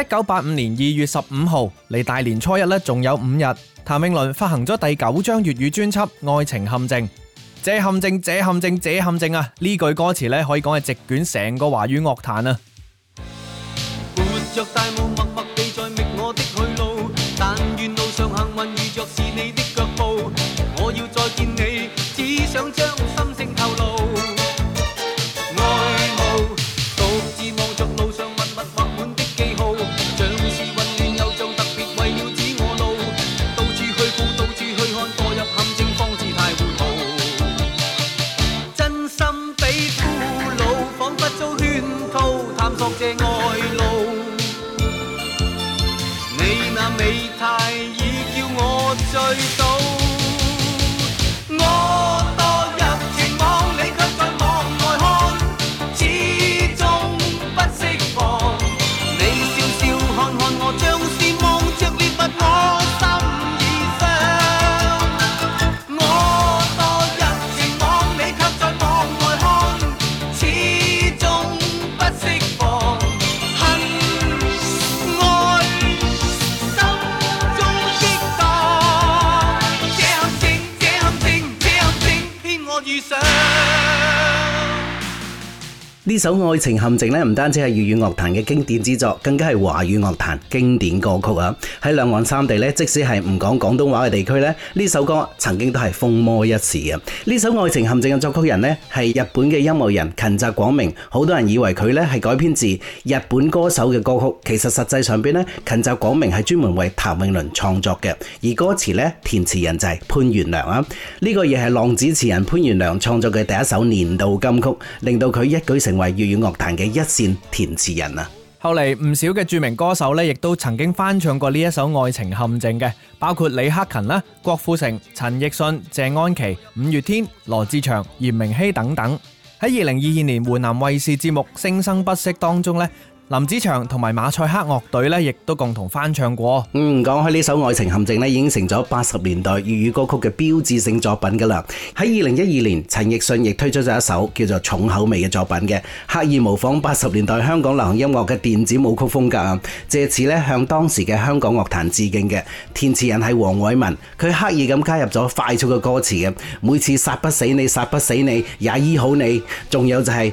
一九八五年二月十五號，離大年初一呢，仲有五日，譚詠麟發行咗第九張粵語專輯《愛情陷阱》，這陷阱這陷阱這陷阱啊！呢句歌詞呢，可以講係席捲成個華語樂壇啊！呢首《愛情陷阱》咧，唔單止係粵語樂壇嘅經典之作，更加係華語樂壇經典歌曲啊！喺兩岸三地咧，即使係唔講廣東話嘅地區咧，呢首歌曾經都係風魔一時啊。呢首《愛情陷阱》嘅作曲人咧，係日本嘅音樂人芹澤廣明，好多人以為佢咧係改編自日本歌手嘅歌曲，其實實際上邊咧，芹澤廣明係專門為譚詠麟創作嘅，而歌詞咧填詞人就係潘源良啊！呢個亦係浪子詞人潘源良創作嘅第一首年度金曲，令到佢一舉成為粵語樂壇嘅一線填詞人啊，後嚟唔少嘅著名歌手呢，亦都曾經翻唱過呢一首《愛情陷阱》嘅，包括李克勤啦、郭富城、陳奕迅、謝安琪、五月天、羅志祥、嚴明熙等等。喺二零二二年湖南衛視節目《聲生不息》當中呢。林子祥同埋馬賽克樂隊咧，亦都共同翻唱過。嗯，講開呢首《愛情陷阱》呢，已經成咗八十年代粵語歌曲嘅標誌性作品噶啦。喺二零一二年，陳奕迅亦推出咗一首叫做《重口味》嘅作品嘅，刻意模仿八十年代香港流行音樂嘅電子舞曲風格啊，借此呢，向當時嘅香港樂壇致敬嘅。填詞人係黃偉文，佢刻意咁加入咗快速嘅歌詞嘅，每次殺不死你，殺不死你也醫好你，仲有就係、是。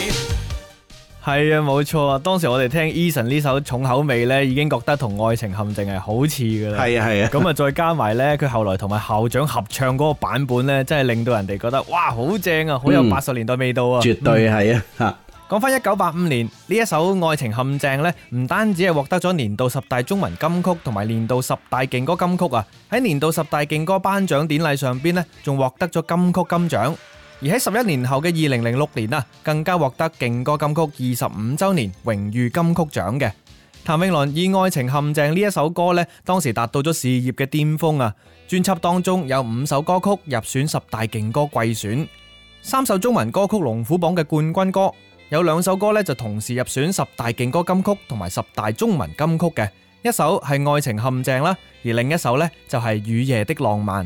係啊，冇錯啊！當時我哋聽 Eason 呢首重口味呢，已經覺得同愛情陷阱係好似噶啦。係啊係啊，咁啊再加埋呢，佢後來同埋校長合唱嗰個版本呢，真係令到人哋覺得哇，好正啊，好有八十年代味道啊！絕對係啊！吓，講翻一九八五年呢一首愛情陷阱呢，唔單止係獲得咗年度十大中文金曲同埋年度十大勁歌金曲啊，喺年度十大勁歌頒獎典禮上邊呢，仲獲得咗金曲金獎。而喺十一年後嘅二零零六年啊，更加獲得勁歌金曲二十五週年榮譽金曲獎嘅。譚詠麟以《愛情陷阱》呢一首歌咧，當時達到咗事業嘅巔峰啊！專輯當中有五首歌曲入選十大勁歌季選，三首中文歌曲龍虎榜嘅冠軍歌，有兩首歌咧就同時入選十大勁歌金曲同埋十大中文金曲嘅，一首係《愛情陷阱》啦，而另一首呢就係《雨夜的浪漫》。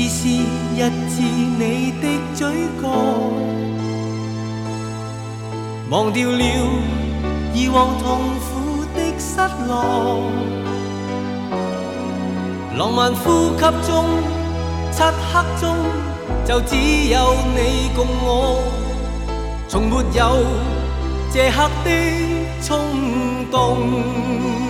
一絲一字，你的嘴角，忘掉了以往痛苦的失落，浪漫呼吸中，漆黑中就只有你共我，從沒有這刻的衝動。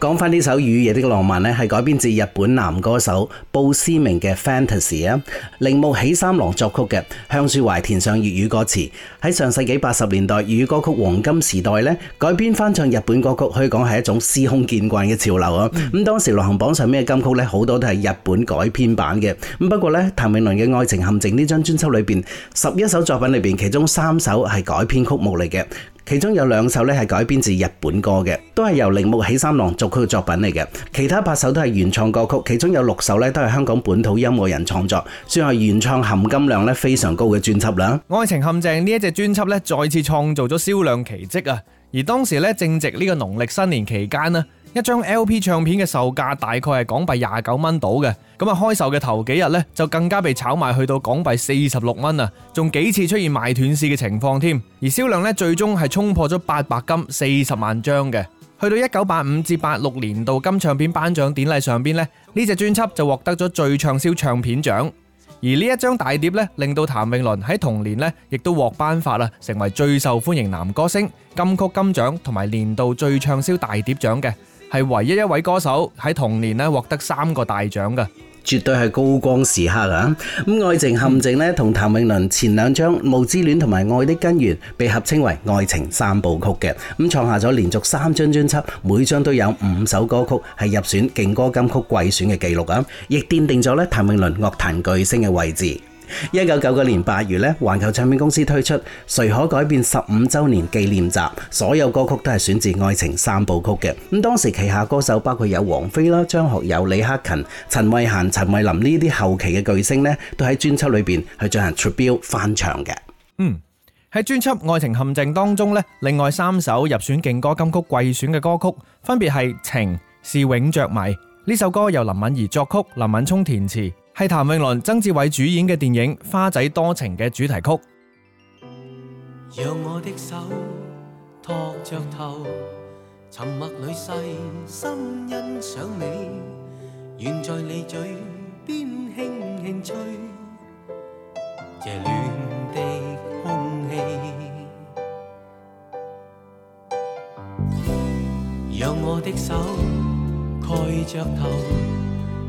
講翻呢首《雨夜的浪漫》咧，係改編自日本男歌手布施明嘅《Fantasy》啊，鈴木喜三郎作曲嘅，向雪懷填上粵語歌詞。喺上世紀八十年代粵語歌曲黃金時代咧，改編翻唱日本歌曲可以講係一種司空見慣嘅潮流啊。咁、嗯、當時流行榜上面嘅金曲咧，好多都係日本改編版嘅。咁不過咧，譚詠麟嘅《愛情陷阱》呢張專輯裏邊，十一首作品裏邊，其中三首係改編曲目嚟嘅。其中有兩首咧係改編自日本歌嘅，都係由鈴木喜三郎作曲嘅作品嚟嘅。其他八首都係原創歌曲，其中有六首咧都係香港本土音樂人創作，算係原創含金量咧非常高嘅專輯啦。《愛情陷阱》呢一隻專輯咧再次創造咗銷量奇蹟啊！而當時咧正值呢個農曆新年期間。一張 L.P. 唱片嘅售價大概係港幣廿九蚊到嘅，咁啊開售嘅頭幾日咧就更加被炒賣去到港幣四十六蚊啊，仲幾次出現賣斷市嘅情況添。而銷量咧最終係衝破咗八百金四十萬張嘅。去到一九八五至八六年度金唱片頒獎典禮上邊咧，呢隻專輯就獲得咗最暢銷唱片獎。而呢一張大碟咧令到譚詠麟喺同年咧亦都獲頒發啦，成為最受歡迎男歌星、金曲金獎同埋年度最暢銷大碟獎嘅。係唯一一位歌手喺同年呢獲得三個大獎嘅，絕對係高光時刻啊！咁《愛情陷阱》呢，同譚詠麟前兩張《霧之戀》同埋《愛的根源》被合稱為《愛情三部曲》嘅，咁創下咗連續三張專輯每張都有五首歌曲係入選勁歌金曲季選嘅記錄啊！亦奠定咗呢譚詠麟樂壇巨星嘅位置。一九九九年八月咧，環球唱片公司推出《誰可改變》十五周年紀念集，所有歌曲都係選自《愛情三部曲》嘅。咁當時旗下歌手包括有王菲啦、張學友、李克勤、陳慧嫻、陳慧琳呢啲後期嘅巨星呢都喺專輯裏邊去進行 tribute 翻唱嘅。嗯，喺專輯《愛情陷阱》當中呢，另外三首入選勁歌金曲季選嘅歌曲，分別係《情是永着迷》呢首歌由林敏怡作曲，林敏聰填詞。係譚詠麟、曾志偉主演嘅電影《花仔多情》嘅主題曲，讓輕輕。讓我的手托着頭，沉默裏細心欣賞你，願在你嘴邊輕輕吹這暖的空氣。讓我的手蓋着頭。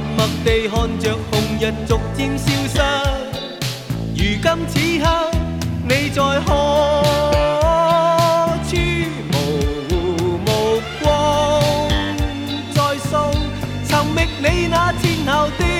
默默地看着紅日逐漸消失，如今此刻你在何處？無目光在掃，尋覓你那天後的。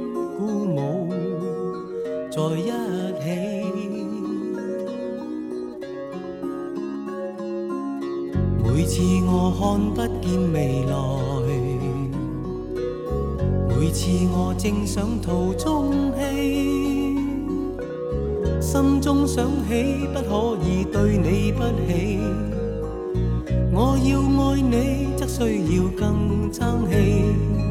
在一起，每次我看不見未來，每次我正想途中棄，心中想起不可以對你不起，我要愛你則需要更爭氣。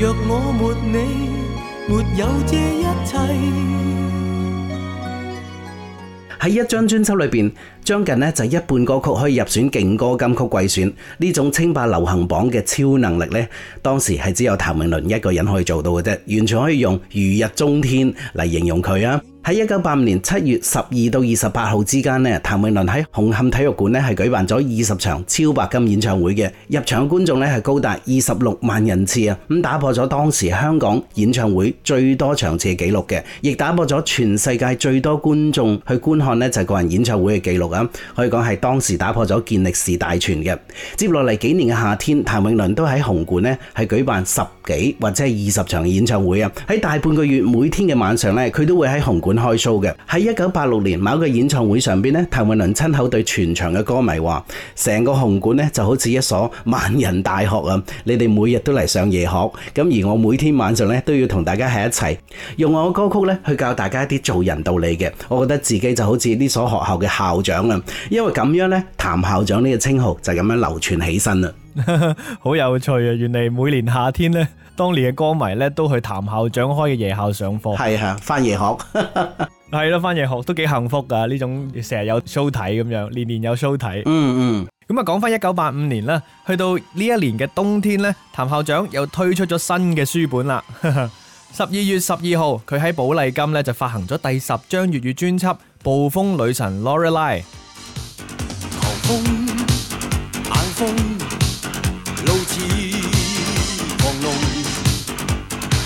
若我沒你，沒有這一切。喺一張專輯裏面，將近咧就一半歌曲可以入選勁歌金曲季選，呢種稱霸流行榜嘅超能力咧，當時係只有譚詠麟一個人可以做到嘅啫，完全可以用如日中天嚟形容佢啊！喺一九八五年七月十二到二十八號之間呢，譚詠麟喺紅磡體育館呢係舉辦咗二十場超白金演唱會嘅，入場觀眾呢係高達二十六萬人次啊，咁打破咗當時香港演唱會最多場次嘅紀錄嘅，亦打破咗全世界最多觀眾去觀看呢就個人演唱會嘅紀錄啊，可以講係當時打破咗健力士大全嘅。接落嚟幾年嘅夏天，譚詠麟都喺紅館呢係舉辦十幾或者係二十場演唱會啊，喺大半個月每天嘅晚上呢，佢都會喺紅館。開 show 嘅喺一九八六年某個演唱會上邊呢譚詠麟親口對全場嘅歌迷話：，成個紅館呢就好似一所萬人大學啊！你哋每日都嚟上夜學，咁而我每天晚上呢都要同大家喺一齊，用我嘅歌曲呢去教大家一啲做人道理嘅。我覺得自己就好似呢所學校嘅校長啊，因為咁樣呢，譚校長呢個稱號就咁樣流傳起身啦。 好有趣啊！原來每年夏天呢。當年嘅歌迷咧，都去譚校長開嘅夜校上課。係啊，翻夜學，係咯，翻夜學都幾幸福噶。呢種成日有 show 睇咁樣，年年有 show 睇。嗯嗯。咁啊，講翻一九八五年啦，去到呢一年嘅冬天咧，譚校長又推出咗新嘅書本啦。十二月十二號，佢喺寶麗金咧就發行咗第十張粵語專輯《暴風女神 Lorelei》。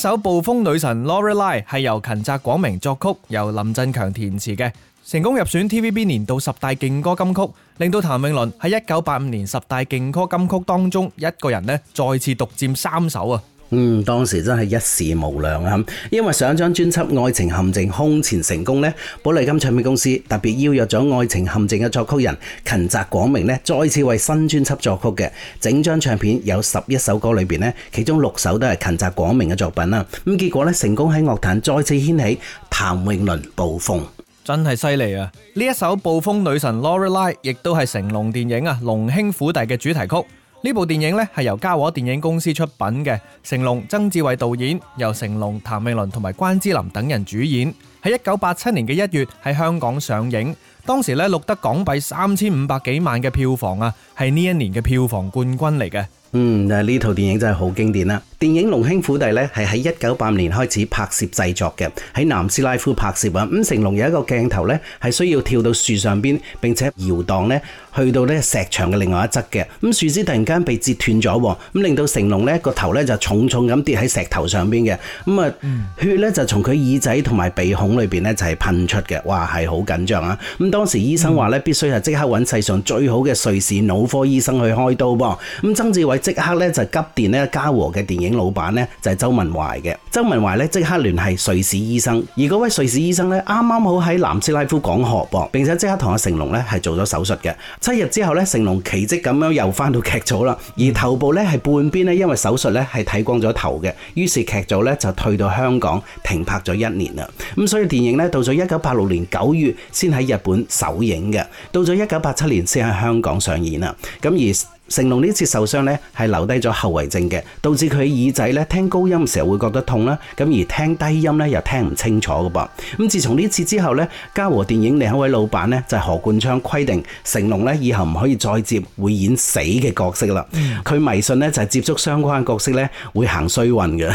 一首《暴風女神》Lorelei 係由芹澤廣明作曲，由林振強填詞嘅，成功入選 TVB 年度十大勁歌金曲，令到譚詠麟喺一九八五年十大勁歌金曲當中，一個人呢再次獨佔三首啊！嗯，當時真係一時無兩啊！因為上一張專輯《愛情陷阱》空前成功呢，寶麗金唱片公司特別邀約咗《愛情陷阱》嘅作曲人芹澤廣明呢，再次為新專輯作曲嘅。整張唱片有十一首歌裏邊呢，其中六首都係芹澤廣明嘅作品啊！咁結果呢，成功喺樂壇再次掀起譚詠麟暴風，真係犀利啊！呢一首《暴風女神》《Lorelei》亦都係成龍電影啊《龍兄虎弟》嘅主題曲。呢部電影咧係由嘉禾電影公司出品嘅，成龍、曾志偉導演，由成龍、譚詠麟同埋關之琳等人主演，喺一九八七年嘅一月喺香港上映，當時咧錄得港幣三千五百幾萬嘅票房啊！係呢一年嘅票房冠軍嚟嘅。嗯，嗱呢套電影真係好經典啦。電影《龍兄虎弟》咧，係喺一九八五年開始拍攝製作嘅，喺南斯拉夫拍攝啊。咁成龍有一個鏡頭咧，係需要跳到樹上邊並且搖盪咧，去到呢石牆嘅另外一側嘅。咁樹枝突然間被截斷咗，咁令到成龍咧個頭咧就重重咁跌喺石頭上邊嘅。咁啊，血咧就從佢耳仔同埋鼻孔裏邊咧就係噴出嘅。哇，係好緊張啊！咁當時醫生話咧，必須係即刻揾世上最好嘅瑞士腦科醫生去開刀噃，咁曾志偉即刻咧就急電呢嘉禾嘅電影老闆呢，就係周文懷嘅，周文懷呢，即刻聯繫瑞士醫生，而嗰位瑞士醫生呢，啱啱好喺南斯拉夫講學噃，並且即刻同阿成龍呢，係做咗手術嘅。七日之後呢，成龍奇蹟咁樣又翻到劇組啦，而頭部呢，係半邊呢，因為手術呢，係睇光咗頭嘅，於是劇組呢，就退到香港停拍咗一年啦。咁所以電影呢，到咗一九八六年九月先喺日本首映嘅，到咗一九八七年先喺香港上演啊。咁而成龍呢次受傷咧，係留低咗後遺症嘅，導致佢耳仔咧，聽高音成日會覺得痛啦。咁而聽低音咧，又聽唔清楚㗎噃。咁自從呢次之後咧，嘉禾電影另一位老闆咧，就係何冠昌規定成龍咧，以後唔可以再接會演死嘅角色啦。佢、嗯、迷信咧，就係接觸相關角色咧，會行衰運嘅。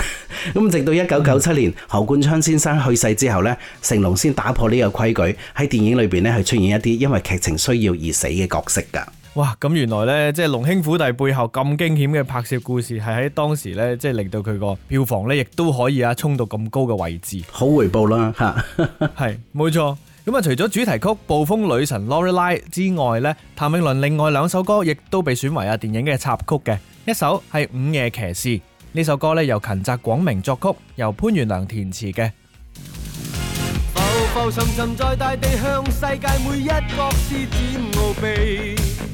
咁 直到一九九七年何冠昌先生去世之後咧，成龍先打破呢個規矩，喺電影裏邊咧，係出現一啲因為劇情需要而死嘅角色㗎。哇！咁原來呢，即係《龍兄虎弟》背後咁驚險嘅拍攝故事，係喺當時呢，即係令到佢個票房呢，亦都可以啊，衝到咁高嘅位置，好回報啦！吓， 係冇錯。咁啊，除咗主題曲《暴風女神》（Lorelei） 之外呢，譚詠麟另外兩首歌亦都被選為啊電影嘅插曲嘅，一首係《午夜騎士》呢首歌呢由芹澤廣明作曲，由潘源良填詞嘅。浮浮沉沉在大地，向世界每一個獅子傲鼻。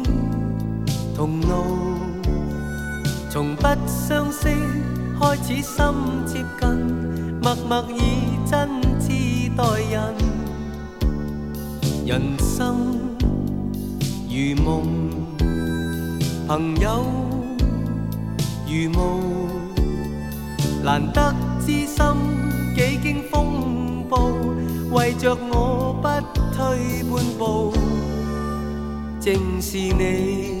同路，從不相識開始心接近，默默以真摯待人。人生如夢，朋友如霧，難得知心，幾經風暴，為着我不退半步，正是你。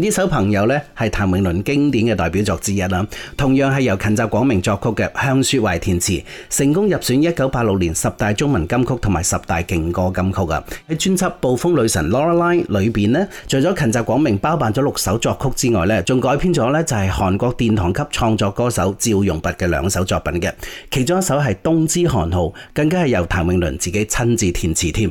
呢首朋友呢，係譚詠麟經典嘅代表作之一啦。同樣係由芹澤廣明作曲嘅，向雪懷填詞，成功入選一九八六年十大中文金曲同埋十大勁歌金曲噶。喺專輯《暴風女神》（Lorelei） 裏邊呢，除咗芹澤廣明包辦咗六首作曲之外呢，仲改編咗呢就係韓國殿堂級創作歌手趙容弼嘅兩首作品嘅，其中一首係《冬之寒號》，更加係由譚詠麟自己親自填詞添。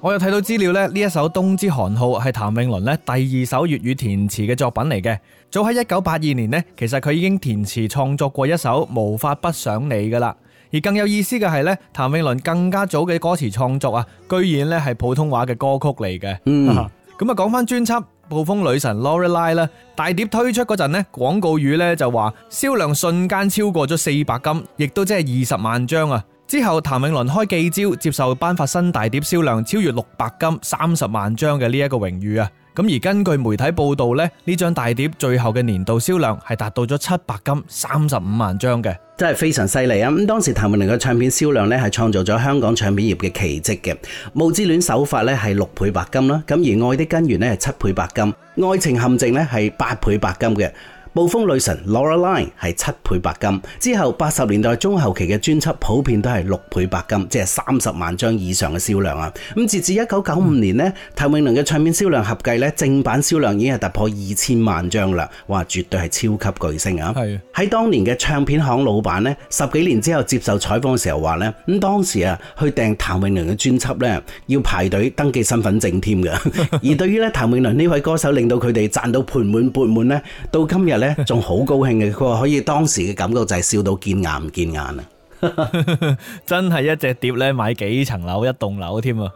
我又睇到資料咧，呢一首《冬之寒號》係譚詠麟咧第二首粵語填詞嘅作品嚟嘅。早喺一九八二年呢，其實佢已經填詞創作過一首《無法不想你》噶啦。而更有意思嘅係咧，譚詠麟更加早嘅歌詞創作啊，居然咧係普通話嘅歌曲嚟嘅。咁啊、嗯，講翻專輯《暴風女神》《Lorelei》啦，大碟推出嗰陣呢，廣告語咧就話銷量瞬間超過咗四百金，亦都即係二十萬張啊。之後，譚詠麟開記招接受頒發新大碟銷量超越六白金三十萬張嘅呢一個榮譽啊！咁而根據媒體報道咧，呢張大碟最後嘅年度銷量係達到咗七白金三十五萬張嘅，真係非常犀利啊！咁當時譚詠麟嘅唱片銷量呢係創造咗香港唱片業嘅奇蹟嘅，《霧之戀》首發呢係六倍白金啦，咁而《愛的根源》呢係七倍白金，《愛情陷阱》呢係八倍白金嘅。暴風女神 Lorelei 係七倍白金，之後八十年代中後期嘅專輯普遍都係六倍白金，即係三十萬張以上嘅銷量啊！咁截至一九九五年呢，譚詠麟嘅唱片銷量合計呢，正版銷量已經係突破二千萬張啦！哇，絕對係超級巨星啊！係喺的當年嘅唱片行老闆呢，十幾年之後接受採訪嘅時候話呢，咁當時啊去訂譚詠麟嘅專輯呢，要排隊登記身份證添噶。 而對於呢譚詠麟呢位歌手令到佢哋賺到盆滿缽滿呢，到今日。仲好高興嘅，佢話可以當時嘅感覺就係笑到見牙唔見眼啊！真係一隻碟咧買幾層樓一棟樓添啊！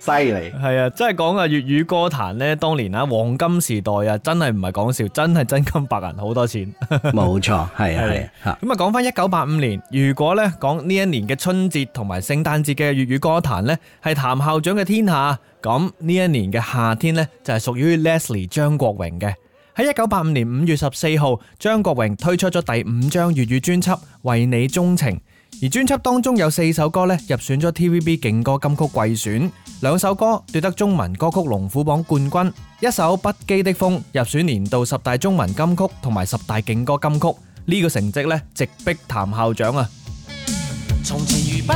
犀利係啊！真係講啊粵語歌壇咧當年啊黃金時代啊真係唔係講笑，真係真金白銀好多錢。冇 錯，係啊係 啊咁啊講翻一九八五年，如果咧講呢說這一年嘅春節同埋聖誕節嘅粵語歌壇咧，係譚校長嘅天下。咁呢一年嘅夏天咧就係、是、屬於 Leslie 張國榮嘅。喺一九八五年五月十四號，張國榮推出咗第五張粵語專輯《為你鍾情》，而專輯當中有四首歌入選咗 TVB 勁歌金曲季選，兩首歌奪得中文歌曲龍虎榜冠軍，一首《不羈的風》入選年度十大中文金曲同埋十大勁歌金曲，呢個成績呢直逼譚校長啊！從前如不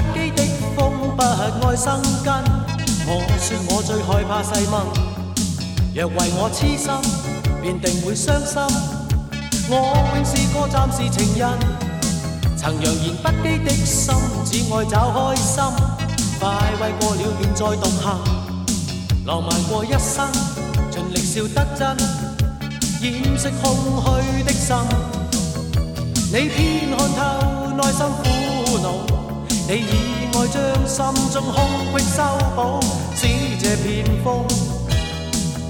若為我痴心，便定會傷心。我永是個暫時情人，曾揚言不羈的心，只愛找開心。快慰過了便再獨行，浪漫過一生，盡力笑得真，掩飾空虛的心。你偏看透內心苦惱，你以愛將心中空隙修補，使這片風。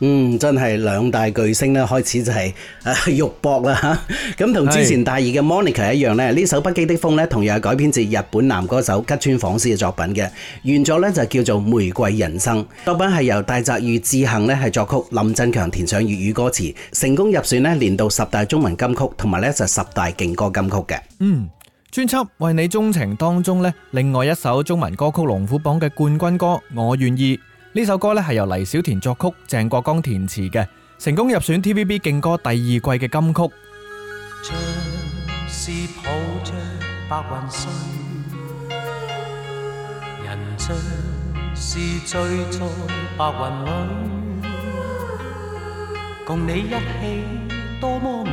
嗯，真係兩大巨星咧，開始就係、是啊、肉搏啦吓。咁 同之前大熱嘅 Monica 一樣咧，呢的首《不羈的風》咧同樣係改編自日本男歌手吉川晃司嘅作品嘅。原作呢就叫做《玫瑰人生》，作品係由大澤譽志幸咧係作曲，林振強填上粵語歌詞，成功入選咧年度十大中文金曲，同埋呢就十大勁歌金曲嘅。嗯。專輯為你鍾情當中咧，另外一首中文歌曲《龍虎榜》嘅冠軍歌《我願意》呢首歌咧係由黎小田作曲、鄭國江填詞嘅，成功入選 TVB 勁歌第二季嘅金曲。像是抱着白雲信，人像是醉在白雲裏，共你一起多麼美，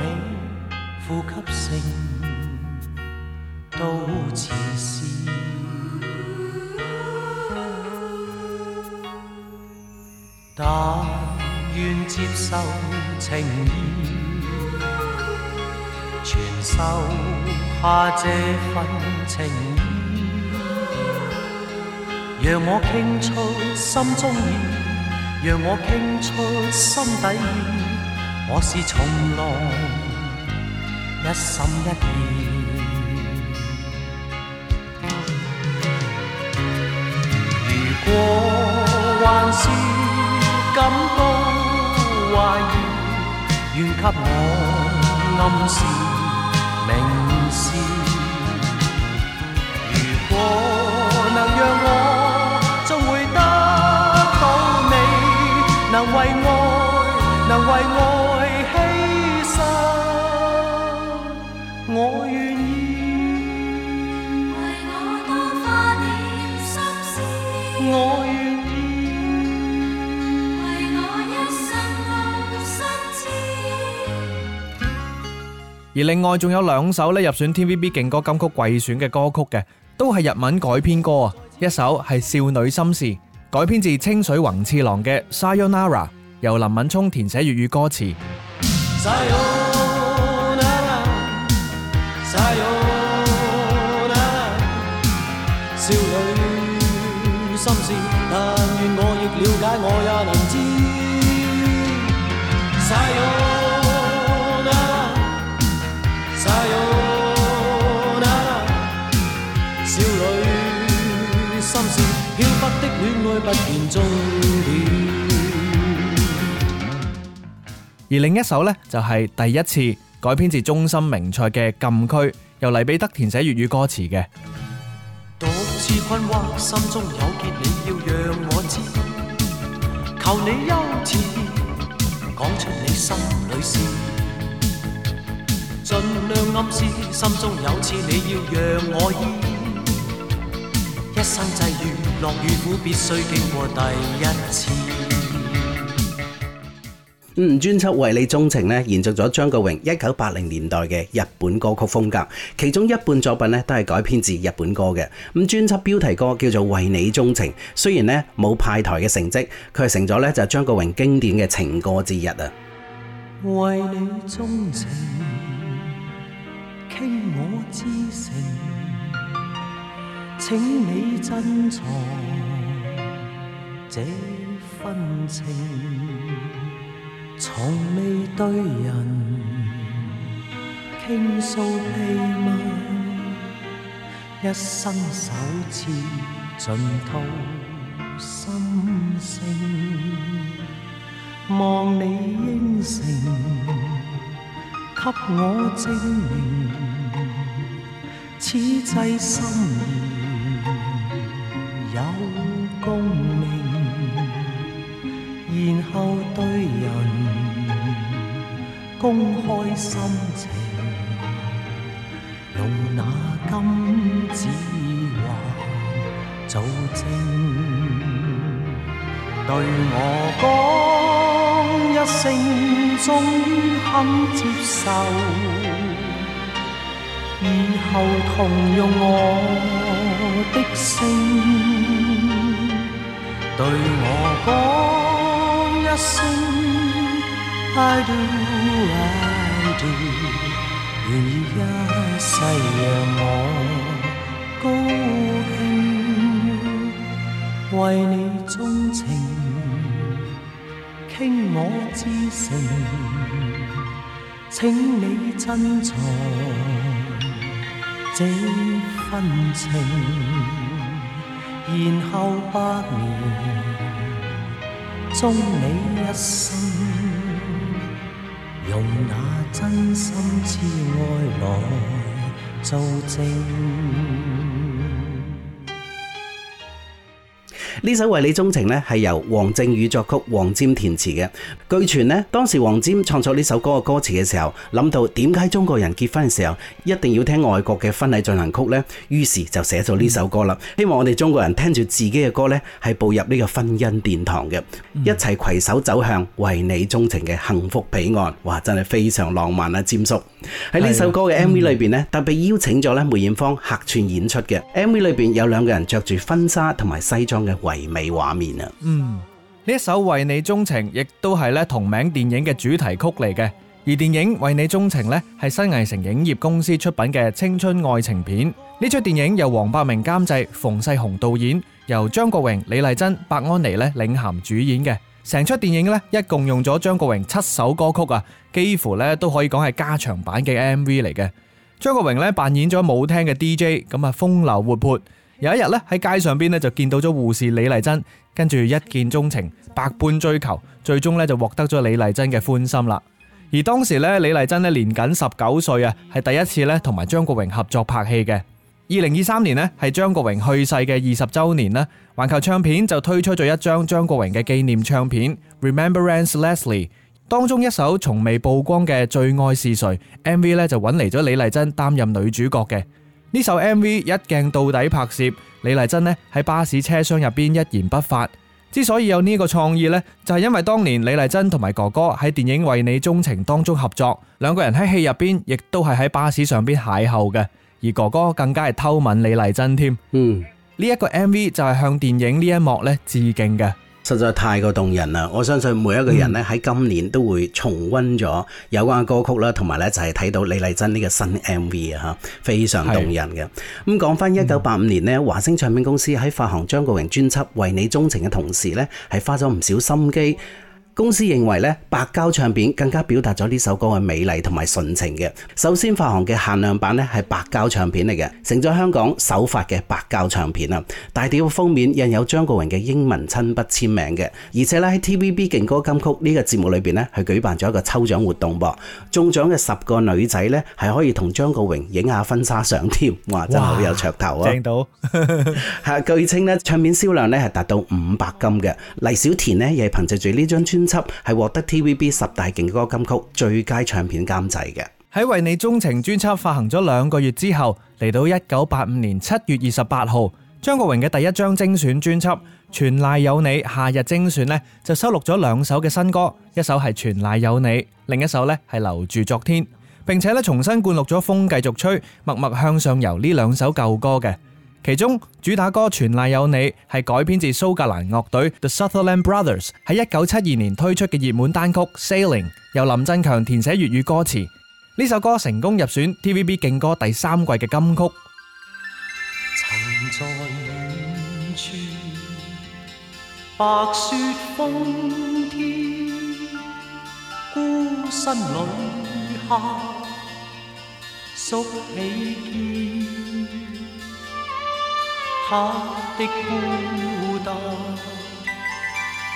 呼吸聲。都似是，但願接受情意，全收下這份情意。讓我傾出心中意，讓我傾出心底意。我是從來一心一意。過，我還是感到懷疑，願給我暗示。而另外仲有兩首咧入選 TVB 勁歌金曲季選嘅歌曲嘅，都係日文改編歌啊！一首係少女心事，改編自清水宏次郎嘅 Sayonara，由林敏聰填寫粵語歌詞。而另一首呢，就係、是、第一次改編自中森明菜嘅禁區，由黎彼得填寫粵語歌詞嘅。過第一次嗯，專輯《為你鍾情》咧延續咗張國榮一九八零年代嘅日本歌曲風格，其中一半作品咧都係改編自日本歌嘅。咁專輯標題歌叫做《為你鍾情》，雖然咧冇派台嘅成績，佢係成咗咧就係張國榮經典嘅情歌之一啊！為你鍾情，傾我至誠。請你珍藏這份情，從未對人傾訴秘密，一生首次盡吐心聲，望你應承給我證明，此際心意，有共鳴，然後對人公開心情，用那金指環作證，對我講一聲，終於肯接受，以後同用我的姓。對我講一聲 I do I do，願意一世讓我高興，為你鍾情傾我至誠，請你珍藏這份情。然後百年，終你一生，用那真心痴愛來作證。呢首為你鍾情呢，係由黃靖宇作曲、黃沾填詞嘅。的據傳呢，當時黃沾創作呢首歌嘅歌詞嘅時候，諗到點解中國人結婚嘅時候一定要聽外國嘅婚禮進行曲呢？於是就寫咗呢首歌啦。希望我哋中國人聽住自己嘅歌呢，係步入呢個婚姻殿堂嘅，一齊攜手走向為你鍾情嘅幸福彼岸。哇，真係非常浪漫啊，佔叔喺呢首歌嘅 MV 裏邊呢，特別邀請咗咧梅艷芳客串演出嘅。嗯、MV 裏邊有兩個人着住婚紗同埋西裝嘅。唯美畫面啊！嗯，呢一首《為你鍾情》亦都係咧同名電影嘅主題曲嚟嘅。而電影《為你鍾情》咧係新藝城影業公司出品嘅青春愛情片。呢出電影由黃百鳴監製，馮世雄導演，由張國榮、李麗珍、白安妮咧領銜主演嘅。成出電影咧一共用咗張國榮七首歌曲啊，幾乎咧都可以講係加長版嘅 MV 嚟嘅。張國榮咧扮演咗舞廳嘅 DJ，咁啊風流活潑。有一日咧喺街上邊咧就見到咗護士李麗珍，跟住一見鍾情，百般追求，最終咧就獲得咗李麗珍嘅歡心啦。而當時咧李麗珍咧年僅十九歲啊，係第一次咧同埋張國榮合作拍戲嘅。二零二三年咧係張國榮去世嘅二十週年啦，環球唱片就推出咗一張張國榮嘅紀念唱片《Remembrance Leslie》，當中一首從未曝光嘅《最愛是誰》MV 咧就揾嚟咗李麗珍擔任女主角嘅。呢首 MV 一鏡到底拍攝，李麗珍呢喺巴士車廂入邊一言不發。之所以有呢個創意呢就係因為當年李麗珍同埋哥哥喺電影《為你鍾情》當中合作，兩個人喺戲入邊亦都係喺巴士上邊邂逅嘅，而哥哥更加係偷吻李麗珍添。嗯，呢一個 MV 就係向電影呢一幕呢致敬嘅。實在太過動人啦！我相信每一個人咧喺今年都會重溫咗有關嘅歌曲啦，同埋咧就係睇到李麗珍呢個新 MV 啊，吓非常動人嘅。咁講翻一九八五年呢，華星唱片公司喺發行張國榮專輯《為你鍾情》嘅同時咧，係花咗唔少心機。公司認為咧，白膠唱片更加表達咗呢首歌嘅美麗同埋純情嘅。首先發行嘅限量版呢係白膠唱片嚟嘅，成咗香港首發嘅白膠唱片啊！大碟嘅封面印有張國榮嘅英文親筆簽名嘅，而且咧喺 TVB 勁歌金曲呢個節目裏邊呢，係舉辦咗一個抽獎活動噃，中獎嘅十個女仔呢，係可以同張國榮影下婚紗相添，哇！真係好有噱頭啊！正到嚇，據稱咧唱片銷量呢係達到五百金嘅。黎小田呢，亦係憑藉住呢張專輯係獲得 TVB 十大勁歌金曲最佳唱片監製嘅。喺為你鍾情專輯發行咗兩個月之後，嚟到一九八五年七月二十八號，張國榮嘅第一張精選專輯《全賴有你夏日精選》呢，就收錄咗兩首嘅新歌，一首係《全賴有你》，另一首呢係《留住昨天》，並且呢重新灌錄咗《風繼續吹》、《默默向上游》呢兩首舊歌嘅。其中主打歌《全賴有你》係改編自蘇格蘭樂隊 The Sutherland Brothers 喺一九七二年推出嘅熱門單曲《Sailing》，由林振強填寫粵語歌詞。呢首歌成功入選 TVB 勁歌第三季嘅金曲。他的孤單，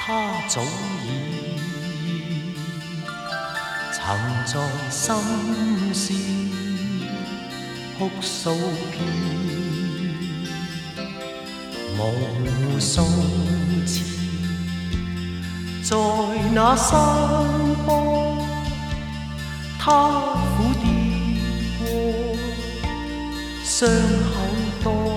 他早已曾在心事哭訴遍無數次，在那山坡，他苦跌過，傷口多。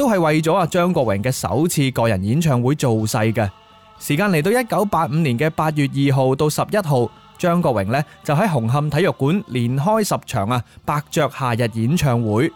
都係為咗啊張國榮嘅首次個人演唱會造勢嘅。時間嚟到一九八五年嘅八月二號到十一號，張國榮呢就喺紅磡體育館連開十場啊《百爵夏日演唱會》。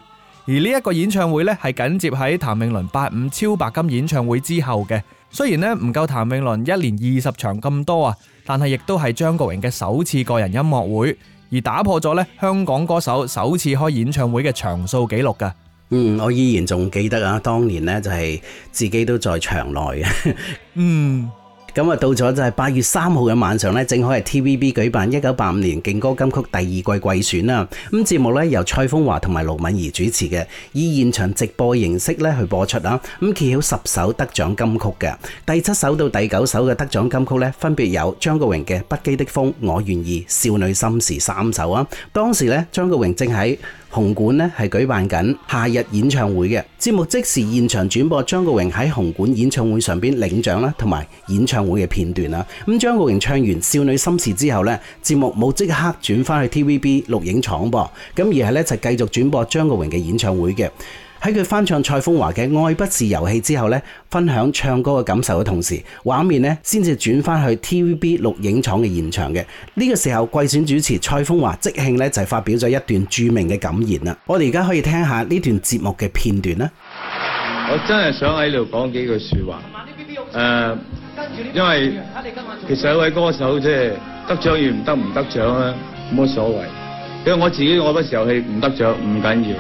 而呢一個演唱會呢，係緊接喺譚詠麟八五超白金演唱會之後嘅。雖然呢唔夠譚詠麟一年二十場咁多啊，但係亦都係張國榮嘅首次個人音樂會，而打破咗呢香港歌手首次開演唱會嘅場數紀錄嘅。嗯，我依然仲記得啊，當年呢就係自己都在場內嘅。嗯，咁啊到咗就係八月三號嘅晚上呢，正好係 TVB 舉辦一九八五年勁歌金曲第二季季選啦。咁節目呢，由蔡楓華同埋盧敏儀主持嘅，以現場直播形式咧去播出啦。咁揭曉十首得獎金曲嘅，第七首到第九首嘅得獎金曲呢，分別有張國榮嘅《不羈的風》，《我願意》，《少女心事》三首啊。當時呢，張國榮正喺。紅館咧係舉辦緊夏日演唱會嘅節目，即時現場轉播張國榮喺紅館演唱會上邊領獎啦，同埋演唱會嘅片段啦。咁張國榮唱完《少女心事》之後咧，節目冇即刻轉翻去 TVB 錄影廠噃，咁而係咧就繼續轉播張國榮嘅演唱會嘅。喺佢翻唱蔡楓華嘅《愛不是遊戲》之後呢，分享唱歌嘅感受嘅同時，畫面呢先至轉翻去 TVB 錄影廠嘅現場嘅。呢個時候，季選主持蔡楓華即興呢就發表咗一段著名嘅感言啦。我哋而家可以聽下呢段節目嘅片段啦。我真係想喺度講幾句說話，呃，誒，因為其實一位歌手即係得獎與唔得唔得獎咧冇乜所謂。因為我自己《愛不是遊戲》唔得獎唔緊要，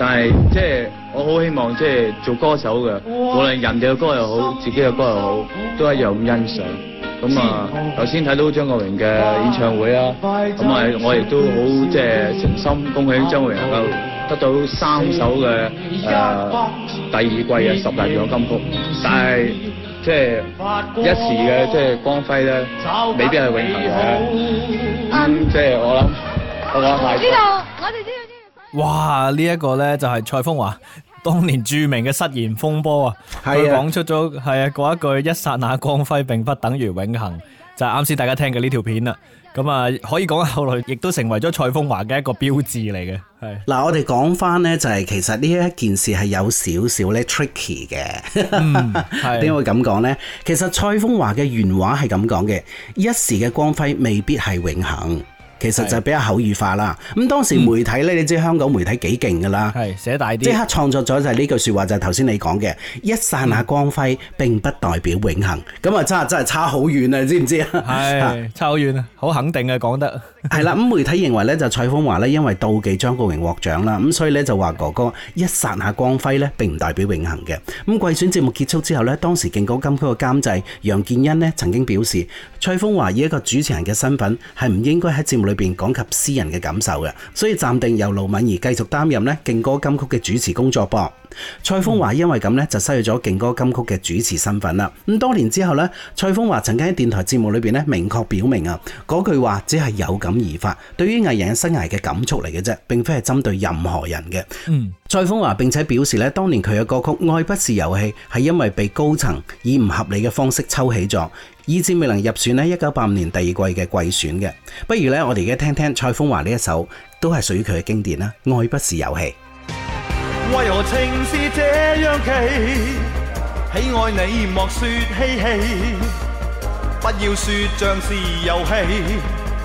但係即係。就是我好希望即係做歌手嘅，無論人哋嘅歌又好，自己嘅歌又好，都一樣咁欣賞。咁啊，頭先睇到張國榮嘅演唱會啦，咁啊，我亦都好即係誠心恭喜張國榮能夠得到三首嘅誒第二季嘅十大獎金曲。但係即係一時嘅即係光輝咧，未必係永恆嘅。咁即係我諗，我諗係。知道我哋。哇！呢、這、一個呢就係蔡楓華當年著名嘅失言風波啊，佢講的出咗係啊嗰一句一剎那光輝並不等於永恒，就係啱先大家聽嘅呢條片啦。咁啊，可以講後來亦都成為咗蔡楓華嘅一個標誌嚟嘅。係。嗱我哋講翻呢，就係其實呢一件事係有少少咧 tricky 嘅，點解會咁講呢？其實蔡楓華嘅原話係咁講嘅，一時嘅光輝未必係永恒。其實就比較口語化啦。咁當時媒體呢，嗯、你知香港媒體幾勁噶啦，寫大啲，即刻創作咗就係呢句說話，就係頭先你講嘅，一剎那光輝並不代表永恒。咁啊，真係真係差好遠啊，你知唔知啊？係差好遠啊，好肯定嘅講得。係啦，咁媒體認為咧就蔡楓華咧，因為妒忌張國榮獲獎啦，咁所以咧就話哥哥一剎那光輝咧，並唔代表永恆嘅。咁季選節目結束之後咧，當時勁歌金曲嘅監製楊建恩呢曾經表示蔡楓華以一個主持人嘅身份係唔應該喺節目裏邊講及私人嘅感受嘅，所以暫定由盧敏儀繼續擔任咧勁歌金曲嘅主持工作。噃蔡楓華因為咁咧就失去咗勁歌金曲嘅主持身份啦。咁多年之後咧，蔡楓華曾經喺電台節目裏邊咧明確表明啊，嗰句話只係有感。而發對於藝人生涯嘅感觸嚟嘅啫，並非係針對任何人嘅。嗯，蔡楓華並且表示咧，當年佢嘅歌曲《愛不是遊戲》係因為被高層以唔合理嘅方式抽起咗，以至未能入選咧一九八五年第二季嘅季選嘅。不如呢，我哋而家聽聽蔡楓華呢一首，都係屬於佢嘅經典啦，《愛不是遊戲》。為何情是這樣奇？喜愛你莫說嬉戲，不要說像是遊戲。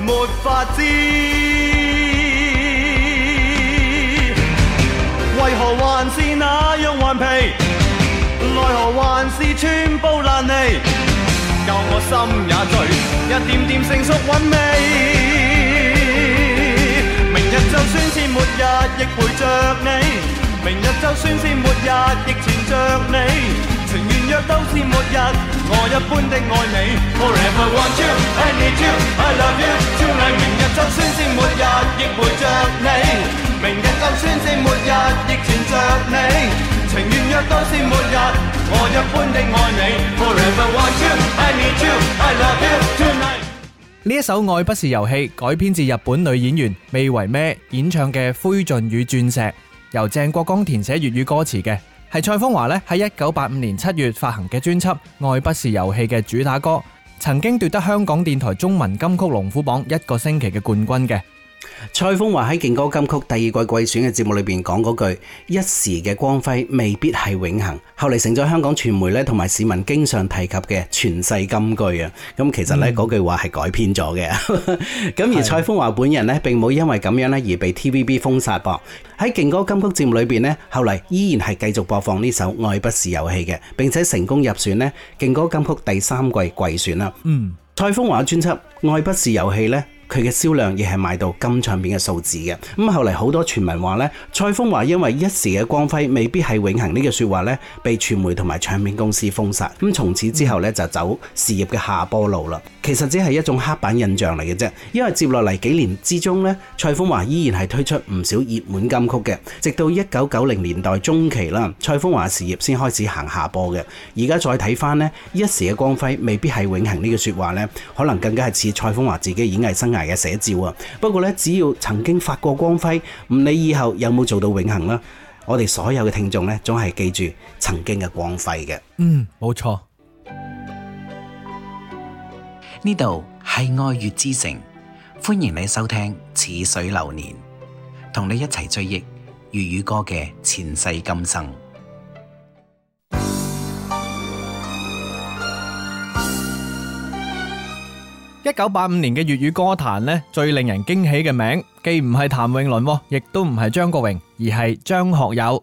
沒法知，為何還是那樣頑皮？奈何還是寸步難離，教我心也醉，一點點成熟韻味。明日就算是末日，亦陪着你；明日就算是末日，亦纏着你。若都是末日，我一般的愛你。Forever want you, I need you, I love you tonight。明日就算是末日，亦陪着你；明日就算是末日，亦纏着你。情願若都是末日，我一般的愛你。Forever want you, I need you, I love you tonight。呢一首《愛不是遊戲》改編自日本女演員未為咩演唱嘅《灰燼與鑽石》，由鄭國江填寫粵語歌詞嘅。係蔡楓華咧，喺一九八五年七月發行嘅專輯《愛不是遊戲》嘅主打歌，曾經奪得香港電台中文金曲龍虎榜一個星期嘅冠軍嘅。蔡楓華喺勁歌金曲第二季季選嘅節目裏邊講嗰句一時嘅光輝未必係永恆，後嚟成咗香港傳媒咧同埋市民經常提及嘅傳世金句啊！咁其實咧嗰句話係改編咗嘅，咁而蔡楓華本人咧並冇因為咁樣咧而被 TVB 封殺噃。喺勁歌金曲節目裏邊咧，後嚟依然係繼續播放呢首《愛不是遊戲》嘅，並且成功入選呢《勁歌金曲》第三季季選啦。嗯，蔡楓華專輯《愛不是遊戲》咧。佢嘅銷量亦係賣到金唱片嘅數字嘅，咁後嚟好多傳聞話呢，蔡楓華因為一時嘅光輝未必係永恆呢句説話呢，被傳媒同埋唱片公司封殺，咁從此之後呢，就走事業嘅下坡路啦。其實只係一種刻板印象嚟嘅啫，因為接落嚟幾年之中呢，蔡楓華依然係推出唔少熱門金曲嘅，直到一九九零年代中期啦，蔡楓華事業先開始行下坡嘅。而家再睇翻呢，「一時嘅光輝未必係永恆」呢句説話呢，可能更加係似蔡楓華自己演藝生涯嘅寫照啊！不過咧，只要曾經發過光輝，唔理以後有冇做到永恆啦，我哋所有嘅聽眾咧，總係記住曾經嘅光輝嘅。嗯，冇錯。呢度係愛粵之城，歡迎你收聽《似水流年》，同你一齊追憶粵語歌嘅前世今生。一九八五年嘅粵語歌壇呢，最令人驚喜嘅名，既唔係譚詠麟，亦都唔係張國榮，而係張學友。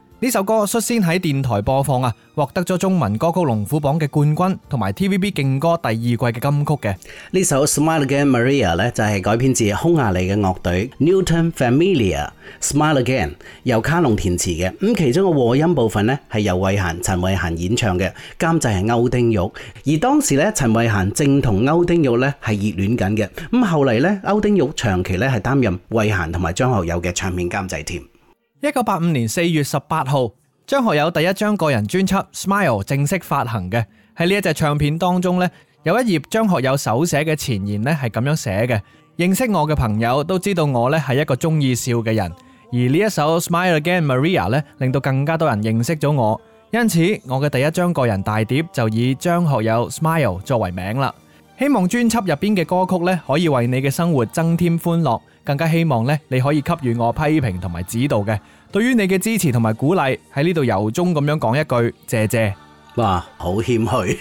呢首歌率先喺電台播放啊，獲得咗中文歌曲龍虎榜嘅冠軍，同埋 TVB 勁歌第二季嘅金曲嘅。呢首《Smile Again Maria》咧就係、是、改編自匈牙利嘅樂隊 Newton Familia《Smile Again》，由卡龍填詞嘅。咁其中嘅和音部分呢，係由慧嫻、陳慧嫻演唱嘅，監製係歐丁玉。而當時咧陳慧嫻正同歐丁玉咧係熱戀緊嘅。咁後嚟咧歐丁玉長期咧係擔任慧嫻同埋張學友嘅唱片監製添。一九八五年四月十八號，張學友第一張個人專輯《Smile》正式發行嘅。喺呢一隻唱片當中咧有一頁張學友手寫嘅前言咧係咁樣寫嘅：認識我嘅朋友都知道我咧係一個中意笑嘅人，而呢一首《Smile Again Maria》咧令到更加多人認識咗我，因此我嘅第一張個人大碟就以張學友《Smile》作為名啦。希望專輯入邊嘅歌曲咧可以為你嘅生活增添歡樂。更加希望你可以吸引我批評和指導的。對於你的支持和鼓勵，在這裏由中這樣講一句，這樣。哇，好賢欲。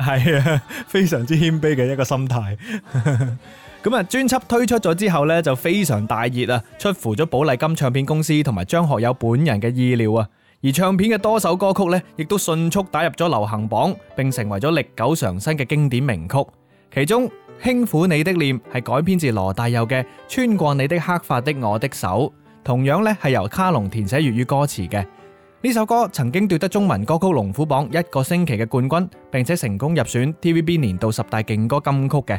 是，非常賢卑的一個心態。咁，專攝推出了之後，就非常大熱，出乎了保利金唱片公司和將學有本人的意料。而唱片的多首歌曲也都瞬初打入了流行榜，並成為了曆狗上身的經典名曲。 輕撫你的臉係改編自羅大佑嘅《穿過你的黑髮的我的手》，同樣呢係由卡龍填寫粵語歌詞嘅，呢首歌曾經奪得中文歌曲龍虎榜一個星期嘅冠軍，並且成功入選 TVB 年度十大勁歌金曲嘅。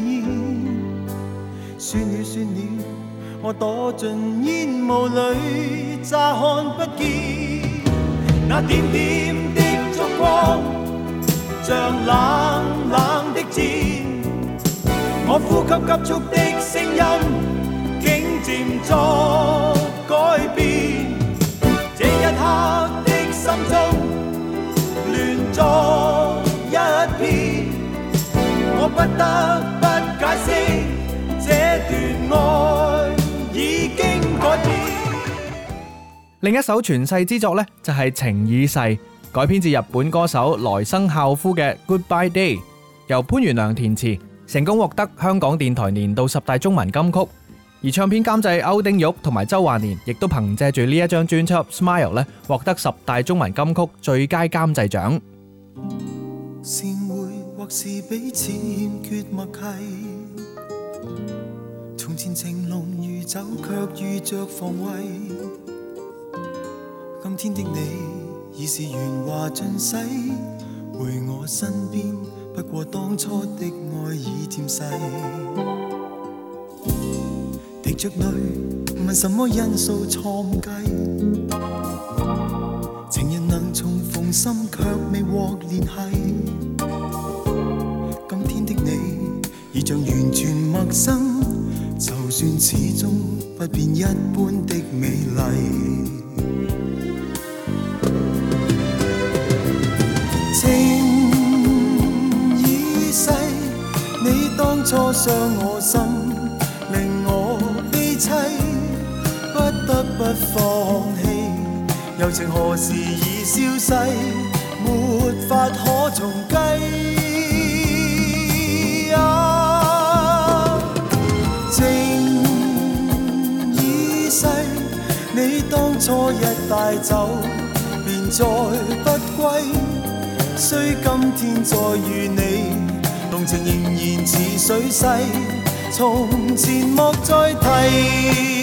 算了算了，我躲進煙霧裏，乍看不見那點點的燭光，像冷冷的箭。我呼吸急促的聲音，竟漸作改變。這一刻的心中亂作一片，我不得不解釋。另一首傳世之作呢，就係《情已逝》，改編自日本歌手來生孝夫嘅《Goodbye Day》，由潘源良填詞，成功獲得香港電台年度十大中文金曲。而唱片監製歐丁玉同埋周華年，亦都憑借住呢一張專輯《Smile》呢，獲得十大中文金曲最佳監製獎。善會或是彼此欠缺默契。從前情濃如酒，卻遇着防衛。今天的你已是鉛華盡洗，回我身邊。不過當初的愛已漸逝，滴着淚，問什麼因素錯計？情人能重逢，心卻未獲聯繫。已像完全陌生，就算始終不變一般的美麗。情已逝，你當初傷我心，令我悲凄，不得不放棄。友情何時已消逝？沒法可重計。你當初一帶走，便再不歸，雖今天再遇你，動情仍然似水逝，從前莫再提。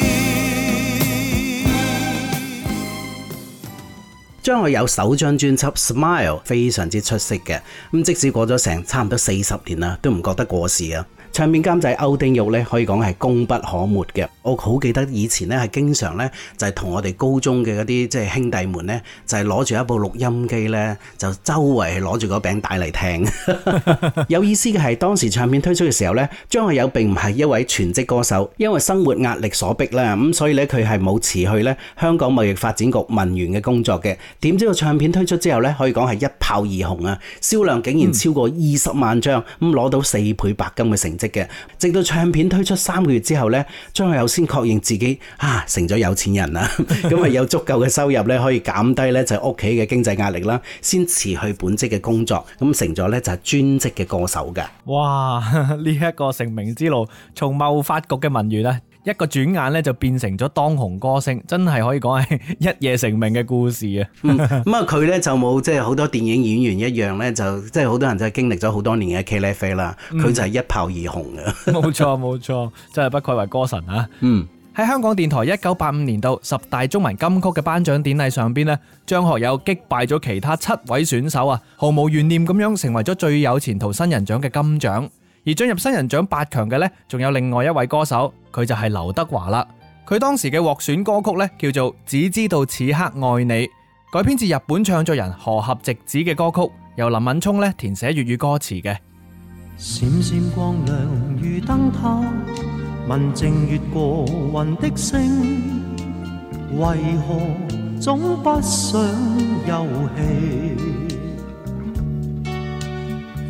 張學友首張專輯《Smile》非常之出色嘅，咁即使過咗成差唔多四十年啦，都唔覺得過時啊。唱片監製歐丁玉咧，可以講係功不可沒嘅。我好記得以前咧，係經常咧就係同我哋高中嘅嗰啲即係兄弟們咧，就係攞住一部錄音機咧，就周圍攞住個餅帶嚟聽。 有意思嘅係當時唱片推出嘅時候咧，張學友並唔係一位全職歌手，因為生活壓力所逼啦，咁所以咧佢係冇辭去咧香港貿易發展局文員嘅工作嘅。點知個唱片推出之後咧，可以講係一炮而紅啊，銷量竟然超過二十萬張，咁攞、嗯、到四倍白金嘅成績。直到唱片推出三個月之後咧，張學友先確認自己啊成咗有錢人啦， 有足夠嘅收入咧，可以減低咧就屋企嘅經濟壓力啦，先辭去本職嘅工作，咁成咗咧就係專職嘅歌手嘅。哇，呢、這、一個成名之路，從貿發局嘅文員一個轉眼咧就變成咗當紅歌星，真係可以講係一夜成名嘅故事啊！咁 啊、嗯，佢、嗯、呢，就冇即係好多電影演員一樣呢就即係好多人真係經歷咗好多年嘅茄喱啡啦，佢、嗯、就係一炮而紅嘅。冇 錯，冇錯，真係不愧為歌神啊！嗯，喺香港電台一九八五年度十大中文金曲嘅頒獎典禮上邊咧，張學友擊敗咗其他七位選手啊，毫無懸念咁樣成為咗最有前途新人獎嘅金獎。而進入新人獎八強嘅呢，仲有另外一位歌手，佢就係劉德華啦。佢當時嘅獲選歌曲呢，叫做《只知道此刻愛你》，改編自日本唱作人河合直子嘅歌曲，由林敏聰呢填寫粵語歌詞嘅。閃閃光亮如燈塔，文靜越過雲的星。」「為何總不想遊戲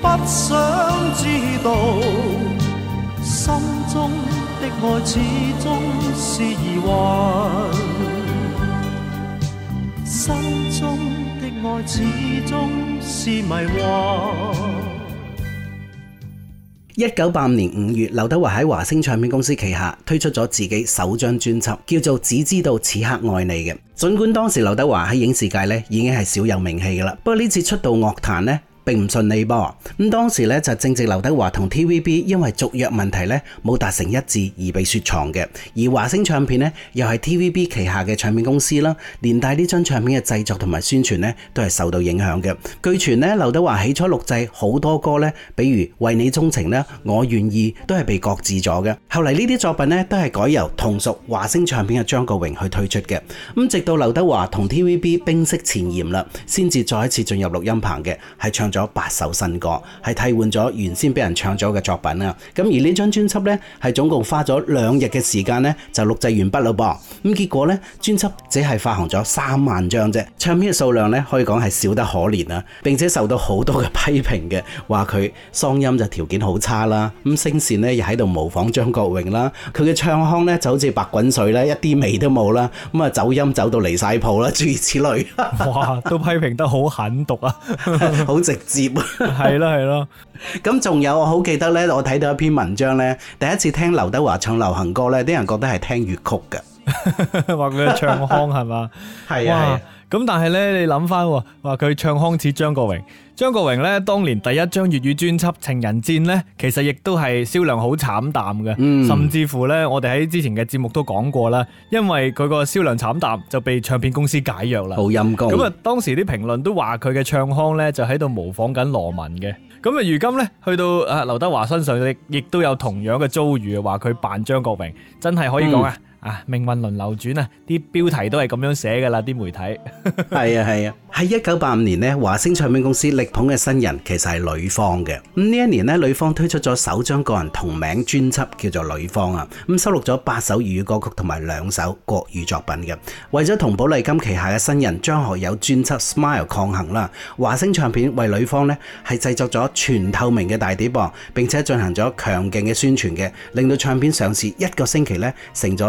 不想知道，心中的愛始終是疑惑，心中的愛始終是迷惑。一九八五年五月，劉德華喺華星唱片公司旗下推出咗自己首張專輯，叫做《只知道此刻愛你》嘅。儘管當時劉德華喺影視界咧已經係小有名氣嘅啦，不過呢次出道樂壇咧。並唔順利噃，當時咧就正值劉德華同 TVB 因為續約問題咧冇達成一致而被雪藏嘅，而華星唱片咧又係 TVB 旗下嘅唱片公司啦，連帶呢張唱片嘅製作同埋宣傳咧都係受到影響嘅。據傳咧，劉德華起初錄製好多歌咧，比如《為你鍾情》咧，《我願意》都係被擱置咗嘅。後嚟呢啲作品咧都係改由同屬華星唱片嘅張國榮去推出嘅。咁直到劉德華同 TVB 冰釋前嫌啦，先至再一次進入錄音棚嘅，係唱咗咗八首新歌，係替換咗原先俾人唱咗嘅作品啊。咁而呢張專輯呢，係總共花咗兩日嘅時間呢，就錄製完畢啦噃。咁結果呢，專輯只係發行咗三萬張啫，唱片嘅數量呢，可以講係少得可憐啊。並且受到好多嘅批評嘅，話佢嗓音就條件好差啦，咁聲線呢，又喺度模仿張國榮啦，佢嘅唱腔呢，就好似白滾水啦，一啲味都冇啦，咁啊走音走到離晒譜啦，諸如此類。 哇，都批評得好狠毒啊，好直。接，係咯係咯，咁仲 有，我好記得呢，我睇到一篇文章呢，第一次聽劉德華唱流行歌呢，啲人覺得係聽粵曲㗎，話佢 唱腔係嘛，係 吧啊。 咁但係咧，你諗翻喎，話佢唱腔似張國榮。張國榮咧，當年第一張粵語專輯《情人箭》咧，其實亦都係銷量好慘淡嘅。嗯。甚至乎咧，我哋喺之前嘅節目都講過啦，因為佢個銷量慘淡，就被唱片公司解約啦。好陰功。咁啊，當時啲評論都話佢嘅唱腔咧就喺度模仿緊羅文嘅。咁啊，如今咧去到啊劉德華身上亦都有同樣嘅遭遇，話佢扮張國榮真係可以講啊。嗯啊！命運輪流轉啊！啲標題都係咁樣寫噶啦，啲媒體。係啊係啊，喺一九八五年呢，華星唱片公司力捧嘅新人其實係呂方嘅。咁呢一年呢，呂方推出咗首張個人同名專輯，叫做《呂方》啊。咁收錄咗八首粵語歌曲同埋兩首國語作品嘅。為咗同寶麗金旗下嘅新人張學友專輯《Smile》抗衡啦，華星唱片為呂方呢係製作咗全透明嘅大碟噃，並且進行咗強勁嘅宣傳嘅，令到唱片上市一個星期呢，成咗。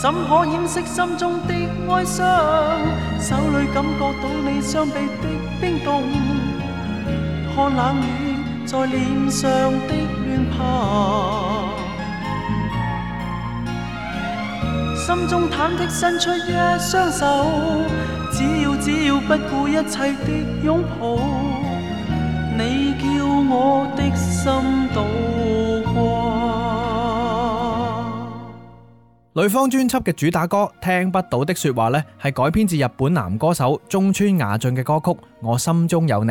怎可掩飾心中的哀傷？手裡感覺到你雙臂的冰凍，看冷雨在臉上的亂拍，心中忐忑伸出一雙手，只要只要不顧一切的擁抱，你叫我的心度過。呂方專輯嘅主打歌《聽不到的說話》咧，係改編自日本男歌手中村雅俊嘅歌曲《我心中有你》，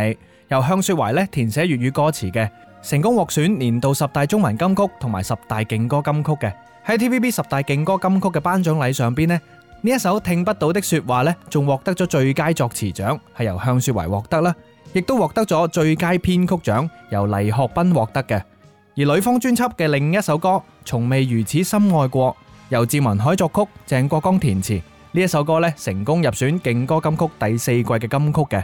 由向雪懷咧填寫粵語歌詞嘅，成功獲選年度十大中文金曲同埋十大勁歌金曲嘅。喺 TVB 十大勁歌金曲嘅頒獎禮上邊咧，呢一首《聽不到的說話》咧，仲獲得咗最佳作詞獎，係由向雪懷獲得啦，亦都獲得咗最佳編曲獎，由黎學斌獲得嘅。而呂方專輯嘅另一首歌《從未如此深愛過》。由志文海作曲，鄭國江填詞，呢一首歌咧成功入選勁歌金曲第四季嘅金曲嘅。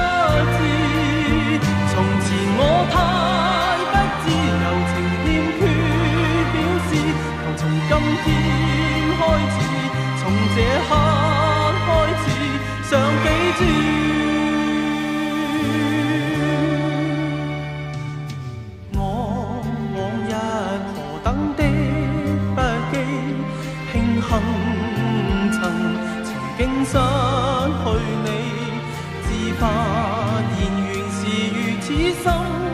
太不知柔情欠缺表示，求從今天開始，從這刻開始想記住我往，往日何等的不羈，慶幸曾曾經失去你，至發現原是如此深。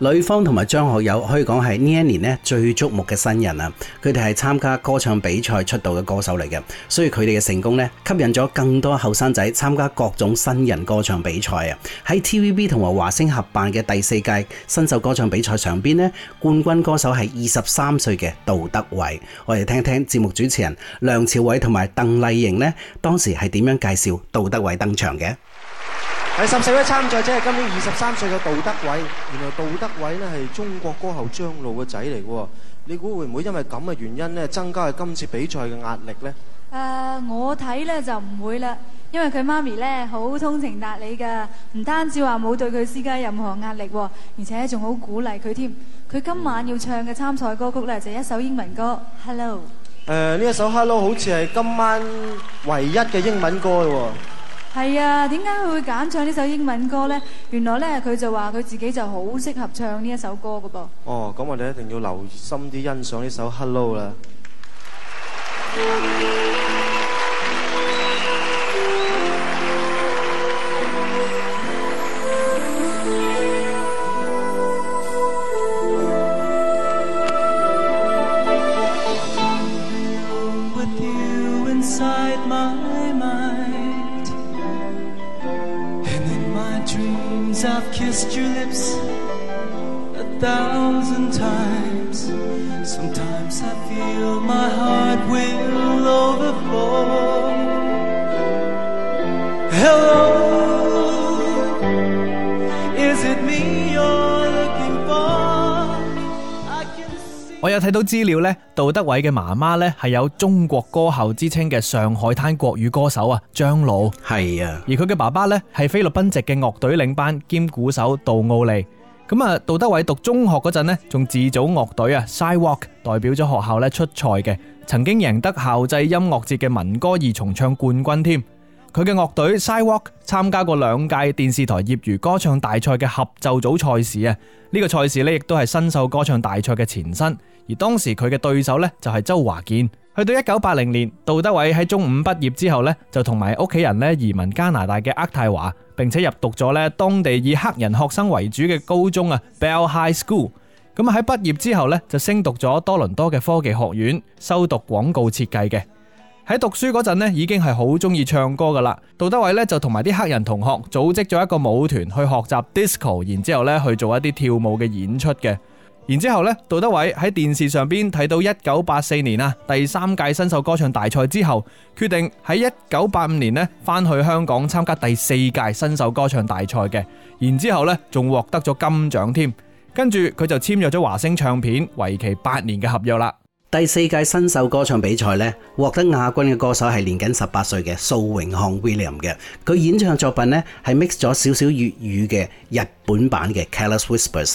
呂方同埋張學友可以講係呢一年咧最矚目嘅新人啊。佢哋係參加歌唱比賽出道嘅歌手嚟嘅，所以佢哋嘅成功咧吸引咗更多後生仔參加各種新人歌唱比賽啊。喺 TVB 同埋華星合辦嘅第四屆新秀歌唱比賽上邊咧，冠軍歌手係二十三歲嘅杜德偉。我哋聽聽節目主持人梁朝偉同埋鄧麗瑩咧當時係點樣介紹杜德偉登場嘅。第十四位參賽者係今年二十三歲嘅杜德偉，原來杜德偉咧係中國歌后張露嘅仔嚟嘅喎，你估會唔會因為咁嘅原因咧增加佢今次比賽嘅壓力咧？誒，我睇咧就唔會啦，因為佢媽咪咧好通情達理㗎，唔單止話冇對佢施加任何壓力，而且仲好鼓勵佢添。佢今晚要唱嘅參賽歌曲咧就係一首英文歌《Hello》。誒，呢一首《Hello》好似係今晚唯一嘅英文歌喎。係啊，點解佢會揀唱呢首英文歌呢？原來呢，佢就話佢自己就好適合唱呢一首歌噶噃。哦，咁我哋一定要留心啲欣賞呢首《Hello》啦。資料咧，杜德偉嘅媽媽咧係有中國歌后之稱嘅上海灘國語歌手啊張露，係啊，而佢嘅爸爸咧係菲律賓籍嘅樂隊領班兼鼓手杜奧利。咁啊，杜德偉讀中學嗰陣呢，仲自組樂隊啊，Sidewalk，代表咗學校咧出賽嘅，曾經贏得校際音樂節嘅民歌二重唱冠軍添。佢嘅樂隊 Sidewalk 參加過兩屆電視台業餘歌唱大賽嘅合奏組賽事啊！呢個賽事咧，亦都係新秀歌唱大賽嘅前身。而當時佢嘅對手咧，就係周華健。去到1980年，杜德偉喺中五畢業之後咧，就同埋屋企人咧移民加拿大嘅渥太華，並且入讀咗咧當地以黑人學生為主嘅高中啊 Bell High School。咁喺畢業之後咧，就升讀咗多倫多嘅科技學院，修讀廣告設計嘅。喺讀書嗰陣咧，已經係好中意唱歌噶啦。杜德偉咧就同埋啲黑人同學組織咗一個舞團去學習 disco，然之後咧去做一啲跳舞嘅演出嘅。然之後咧，杜德偉喺電視上邊睇到一九八四年啊第三屆新秀歌唱大賽之後，決定喺一九八五年咧翻去香港參加第四屆新秀歌唱大賽嘅。然之後咧，仲獲得咗金獎添。跟住佢就簽約咗華星唱片為期八年嘅合約啦。第四屆新秀歌唱比賽咧，獲得亞軍嘅歌手係年僅十八歲嘅蘇永康 William 嘅，佢演唱作品咧係 mix 咗少少粵語嘅日本版嘅《Careless Whispers》。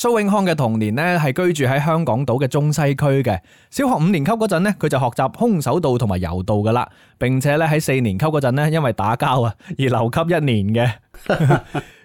蘇永康嘅童年咧，係居住喺香港島嘅中西區嘅。小學五年級嗰陣咧，佢就學習空手道同埋柔道噶啦，並且咧喺四年級嗰陣咧，因為打交啊而留級一年嘅。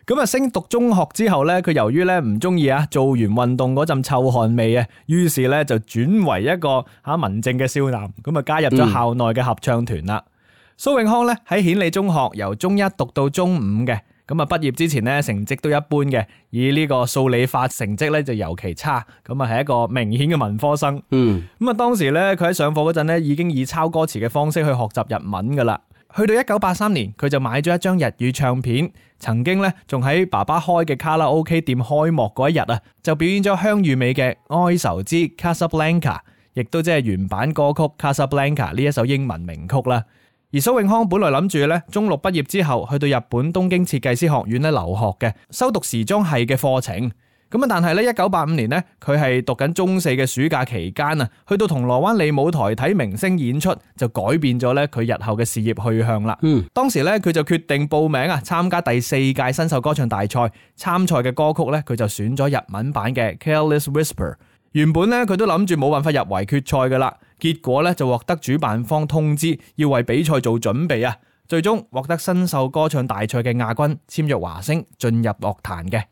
咁啊升讀中學之後咧，佢由於咧唔中意啊做完運動嗰陣臭汗味啊，於是咧就轉為一個吓文靜嘅少男，咁啊加入咗校內嘅合唱團啦、嗯。蘇永康咧喺顯理中學由中一讀到中五嘅。咁啊，畢業之前咧，成績都一般嘅，以呢個數理化成績咧就尤其差，咁啊係一個明顯嘅文科生。嗯，咁啊當時咧，佢喺上課嗰陣咧，已經以抄歌詞嘅方式去學習日文噶啦。去到一九八三年，佢就買咗一張日語唱片，曾經咧仲喺爸爸開嘅卡拉 OK 店開幕嗰一日啊，就表演咗香玉美嘅《哀愁之 Casablanca》，亦都即係原版歌曲《Casablanca》呢一首英文名曲啦。而蘇永康本來諗住咧，中六畢業之後去到日本東京設計師學院咧留學嘅，修讀時裝系嘅課程。咁啊，但係咧，一九八五年咧，佢係讀緊中四嘅暑假期間啊，去到銅鑼灣利舞台睇明星演出，就改變咗咧佢日後嘅事業去向啦。嗯、當時咧，佢就決定報名啊，參加第四屆新秀歌唱大賽，參賽嘅歌曲咧，佢就選咗日文版嘅《Careless Whisper》。原本咧，佢都諗住冇辦法入圍決賽噶啦。結果咧就獲得主辦方通知，要為比賽做準備啊！最終獲得新秀歌唱大賽嘅亞軍，簽約華星，進入樂壇嘅。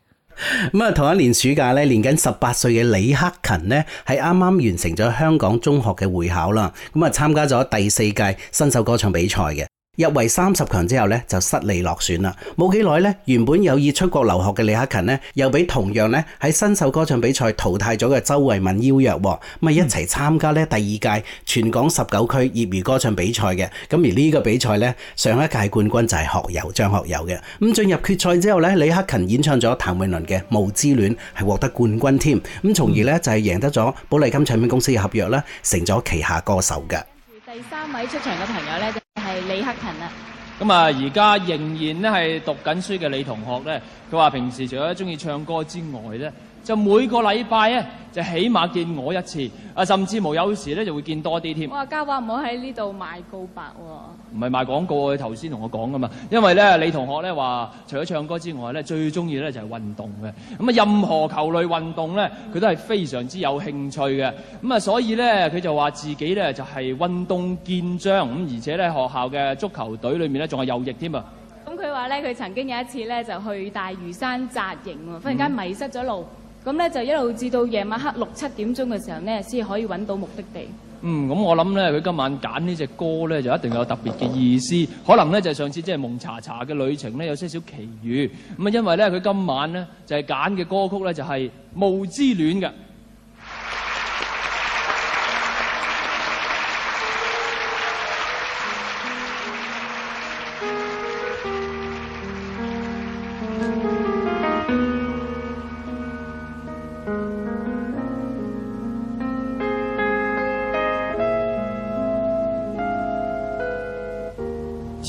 咁啊，同一年暑假咧，年僅十八歲嘅李克勤咧，係啱啱完成咗香港中學嘅會考啦，咁啊參加咗第四屆新秀歌唱比賽嘅。入圍三十強之後咧，就失利落選啦。冇幾耐咧，原本有意出國留學嘅李克勤呢，又俾同樣咧喺新秀歌唱比賽淘汰咗嘅周慧敏邀約，咪一齊參加咧第二屆全港十九區業餘歌唱比賽嘅。咁而呢個比賽咧，上一屆冠軍就係學友張學友嘅。咁進入決賽之後咧，李克勤演唱咗譚詠麟嘅《霧之戀》，係獲得冠軍添。咁從而咧就係贏得咗寶麗金唱片公司嘅合約啦，成咗旗下歌手嘅。第三位出場嘅朋友咧。係李克勤啊，咁啊，而家仍然咧係讀緊書嘅李同學咧，佢話平時除咗中意唱歌之外咧。就每個禮拜咧，就起碼見我一次，啊，甚至無有時咧就會見多啲添。我話家華唔好喺呢度賣告白喎。唔係賣廣告啊！佢頭先同我講㗎嘛，因為咧李同學咧話，除咗唱歌之外咧，最中意咧就係運動嘅。咁啊，任何球類運動咧，佢都係非常之有興趣嘅。咁啊，所以咧佢就話自己咧就係運動健將，咁而且咧學校嘅足球隊裏面咧仲係右翼添啊。咁佢話咧，佢曾經有一次咧就去大嶼山紮營喎，忽然間迷失咗路。咁咧就一路至到夜晚黑六七點鐘嘅時候咧，先可以揾到目的地。嗯，咁我諗咧，佢今晚揀呢隻歌咧，就一定有特別嘅意思。可能咧就係、上次即、就、係、係、蒙查查嘅旅程咧，有些少奇遇。咁啊，因為咧佢今晚咧就係揀嘅歌曲咧，就係、係《霧之戀》嘅。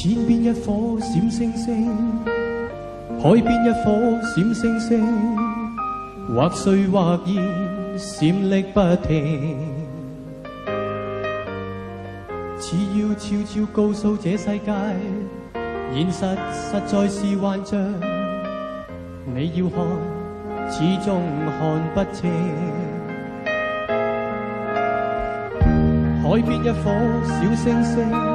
天邊一顆閃星星，海邊一顆閃星星，或碎或燃，閃力不停。只要悄悄告訴這世界，現實實在是幻象，你要看，始終看不清。海邊一顆小星星。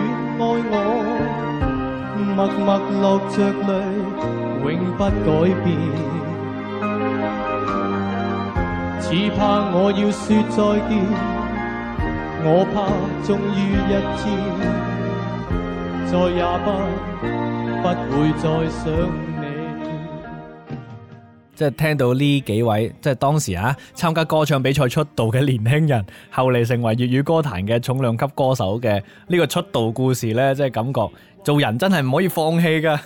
默默流着淚，永不改變。只怕我要說再見，我怕終於一天，再也不不會再想。即係聽到呢幾位，即係當時啊參加歌唱比賽出道嘅年輕人，後嚟成為粵語歌壇嘅重量級歌手嘅呢個出道故事咧，即係感覺做人真係唔可以放棄噶，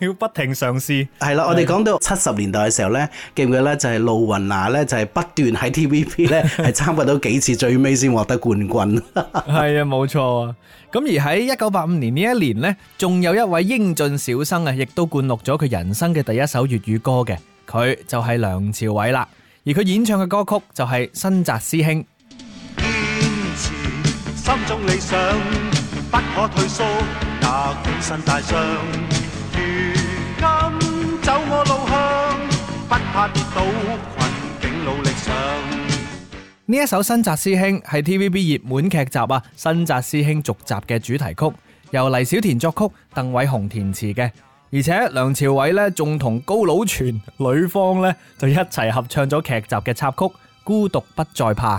要不停嘗試。係啦，我哋講到七十年代嘅時候咧，記唔記得咧，就係路雲娜咧就係不斷喺 TVB 咧係參加到幾次，最尾先獲得冠軍。係啊，冇錯啊。咁而喺一九八五年呢一年咧，仲有一位英俊小生啊，亦都灌錄咗佢人生嘅第一首粵語歌嘅。佢就係梁朝偉啦，而佢演唱嘅歌曲就係《新紮師兄》。堅持心中理想，不可退縮，那苦身帶傷。如今走我路向，不怕跌倒，困境努力上。呢一首《新紮師兄》係 TVB 熱門劇集啊《新紮師兄》續集嘅主題曲，由黎小田作曲，鄧偉雄填詞嘅。而且梁朝偉呢，仲同高佬全、呂方呢，就一齊合唱咗劇集嘅插曲《孤獨不再怕》。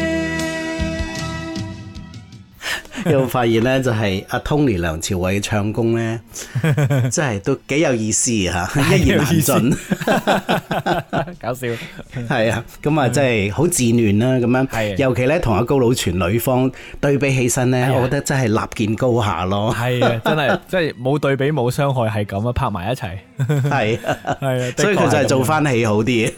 又發現咧，就係阿 Tony 梁朝偉嘅唱功咧，真係都幾有意思嚇，一言難盡，搞笑。係啊，咁啊，真係好自亂啦，咁樣。係。尤其咧，同阿高佬全女方對比起身咧，我覺得真係立見高下咯。係啊，真係，即係冇對比冇傷害，係咁啊，拍埋一齊。係。係啊，所以佢就係做翻戲好啲，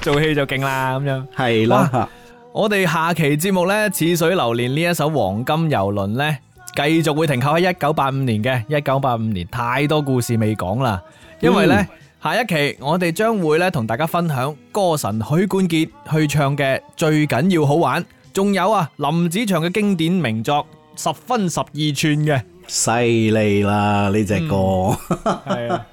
做戲就勁啦，咁樣。係咯。我哋下期節目呢《似水流年》呢一首黃金遊輪呢，繼續會停靠喺一九八五年嘅一九八五年，太多故事未講啦。因為呢、嗯、下一期我哋將會呢同大家分享歌神許冠傑去唱嘅《最緊要好玩》，仲有啊林子祥嘅經典名作《十分十二寸的》嘅，犀利啦呢隻歌。係啊，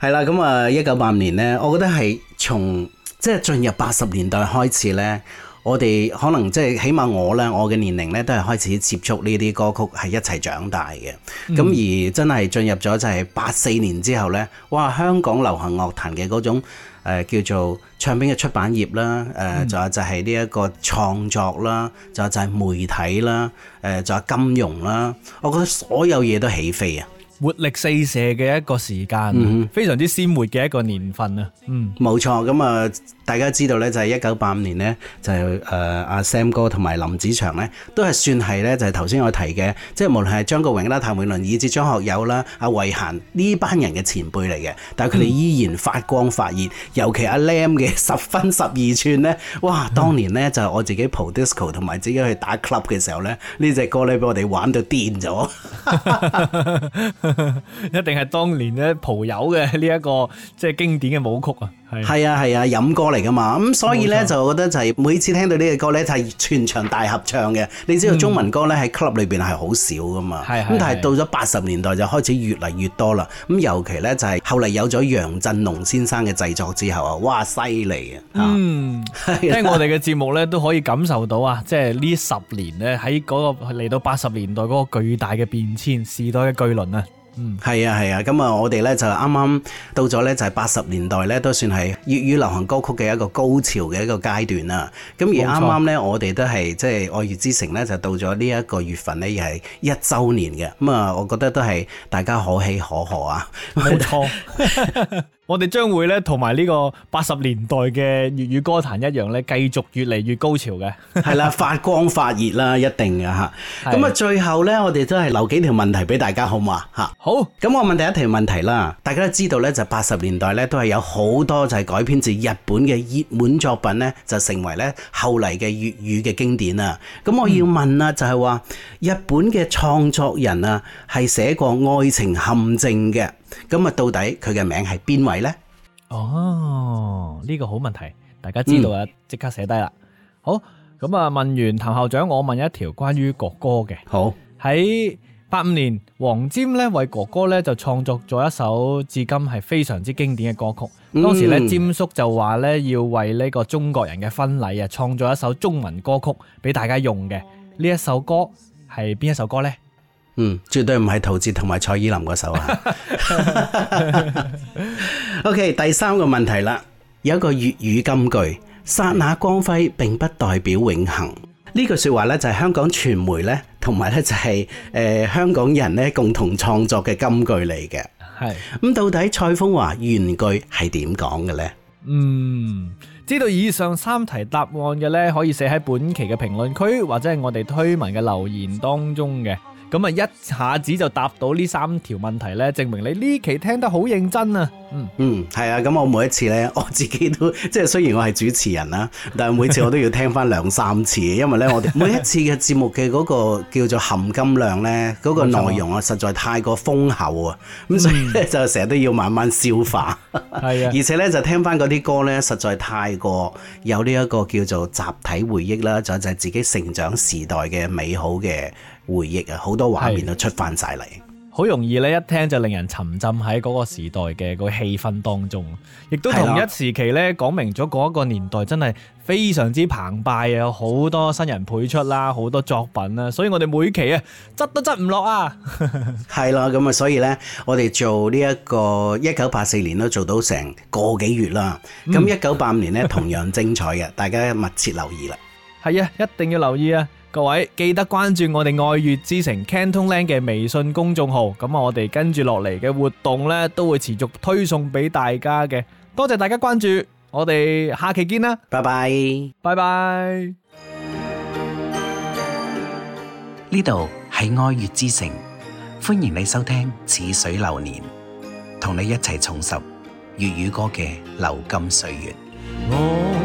係啦， 咁啊一九八五年呢，我覺得係從。即係進入八十年代開始呢，我哋可能即係起碼我呢，我嘅年齡呢都係開始接觸呢啲歌曲，係一齊長大嘅。咁、嗯、而真係進入咗就係八四年之後呢，哇！香港流行樂壇嘅嗰種、呃、叫做唱片嘅出版業啦，仲、呃、有就係呢一個創作啦，仲有就係、誒、媒體啦，誒仲有金融啦，我覺得所有嘢都起飛啊！活力四射嘅一個時間，嗯、非常之鮮活嘅一個年份啊！嗯，冇錯，咁啊，大家知道呢就係一九八五年呢、就是，就係誒阿 Sam 哥同埋林子祥呢，都係算係呢。就係頭先我提嘅，即係無論係張國榮啦、譚詠麟、以至張學友啦、阿慧嫻呢班人嘅前輩嚟嘅，但係佢哋依然發光發熱。嗯、尤其阿 Lam 嘅《十分十二寸》呢。哇！當年呢，就係我自己蒲 disco 同埋自己去打 club 嘅時候呢，呢隻、嗯、歌呢俾我哋玩到癲咗。 一定係當年咧蒲友嘅呢一個即係、就是、經典嘅舞曲啊，係啊係啊，飲歌嚟噶嘛，咁、嗯、所以呢，錯就覺得就係每次聽到呢個歌就係全場大合唱嘅，你知道中文歌呢喺 club 裏邊係好少噶嘛，咁、嗯、但係到咗八十年代就開始越嚟越多啦，咁的尤其呢，就係後嚟有咗楊振龍先生嘅製作之後啊，哇犀利啊，嗯，的聽我哋嘅節目呢，都可以感受到啊，即係呢十年呢、那個，喺嗰個嚟到八十年代嗰個巨大嘅變遷時代嘅巨輪啊！嗯，係啊，係啊，咁啊，我哋咧就啱啱到咗咧，就係八十年代咧，都算係粵語流行歌曲嘅一個高潮嘅一個階段啦。咁錯而啱啱咧，我哋都係即係《愛粵之城》咧，就到咗呢一個月份咧，又係一周年嘅。咁啊，我覺得都係大家可喜可賀啊。冇錯錯。 我哋將會咧同埋呢個八十年代嘅粵語歌壇一樣咧，繼續越嚟越高潮嘅。係 啦，發光發熱啦，一定嘅吓。咁啊的，最後咧，我哋都係留幾條問題俾大家，好唔好啊？吓，好。咁我問第一條問題啦。大家都知道咧，就八十年代咧都係有好多就係改編自日本嘅熱門作品咧，就成為咧後嚟嘅粵語嘅經典啦。咁我要問啦，就係話日本嘅創作人啊，係寫過愛情陷阱嘅。咁啊，到底佢嘅名係邊位呢？哦，呢、這個好問題，大家知道啊，即刻寫低啦。嗯、好，咁啊，問完譚校長，我問一條關於哥哥嘅。好，喺八五年，黃霑咧為哥哥咧就創作咗一首，至今係非常之經典嘅歌曲。嗯、當時咧，霑叔就話咧要為呢個中國人嘅婚禮啊，創作一首中文歌曲俾大家用嘅。呢一首歌係邊一首歌呢？嗯，絕對唔係陶喆同埋蔡依林嗰首啊。 OK，第三個問題啦，有一個粵語金句：剎那光輝並不代表永恆。呢句說話咧就係香港傳媒咧，同埋咧就係誒香港人咧共同創作嘅金句嚟嘅。係咁是，到底蔡楓華原句係點講嘅呢？嗯，知道以上三題答案嘅咧，可以寫喺本期嘅評論區，或者係我哋推文嘅留言當中嘅。咁啊，一下子就答到呢三條問題呢，證明你呢期聽得好認真啊！嗯嗯，係啊，咁我每一次呢，我自己都即係雖然我係主持人啦，但係每次我都要聽翻兩三次， 因為呢，我哋每一次嘅節目嘅嗰個叫做含金量呢，嗰個內容啊，實在太過豐厚啊，咁所以呢，就成日都要慢慢消化。係啊，而且呢，就聽翻嗰啲歌呢，實在太過有呢一個叫做集體回憶啦，就係自己成長時代嘅美好嘅。回憶啊，好多畫面都出翻晒嚟，好容易咧一聽就令人沉浸喺嗰個時代嘅個氣氛當中，亦都同一時期咧講的明咗嗰一個年代真係非常之澎湃啊，有好多新人輩出啦，好多作品啦，所以我哋每期啊，執都執唔落啊，係啦，咁啊，所以呢，我哋做呢一個一九八四年都做到成個幾月啦，咁一九八五年呢同樣精彩嘅， 大家密切留意啦，係啊，一定要留意啊。各位記得關注我哋愛粵之城 CantonLand 嘅微信公眾號，咁我哋跟住落嚟嘅活動呢，都會持續推送俾大家嘅，多謝大家關注，我哋下期見啦，拜拜 bye，拜拜 bye。呢度係愛粵之城，歡迎你收聽《似水流年》，同你一齊重拾粵語歌嘅流金歲月。我